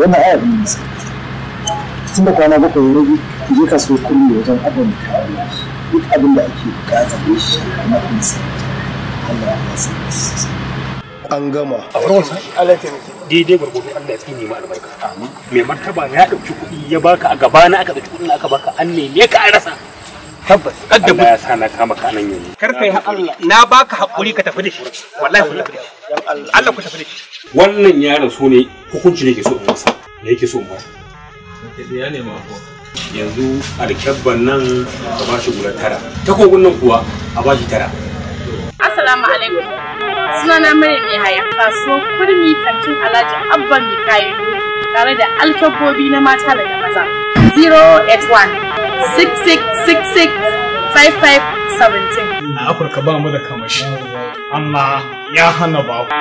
wannan aya ɗin nisa tun da kwana bakwai ya rage ki ka kasuwar kurin da wajen abin kariya duk abin da ake bukata ne shi na kunsa Allah ya sa an gama a farko Allah ya daidai gurgudu Allah ya tsine ma albarka mai martaba ya dauki kuɗi ya baka a na aka dauki kuɗin aka baka an neme ka an rasa tabbas kadda Allah ya sa na kama yanzu kar kai Allah na baka hakuri ka tafi da shi wallahi ku tafi da shi Allah ku tafi da shi wannan ne hukunci ne ke so in masa ne yake so in masa ya ne ma yanzu alkyabban nan a ba shi guda tara takobin nan kuwa a ba shi tara assalamu alaikum sunana maryam yahaya kaso kurmi kantin alhaji abban mikayi tare da alfabobi na mata da maza 081 6666 5517. A Afirka ba mu da kamashi, amma ya hana baku.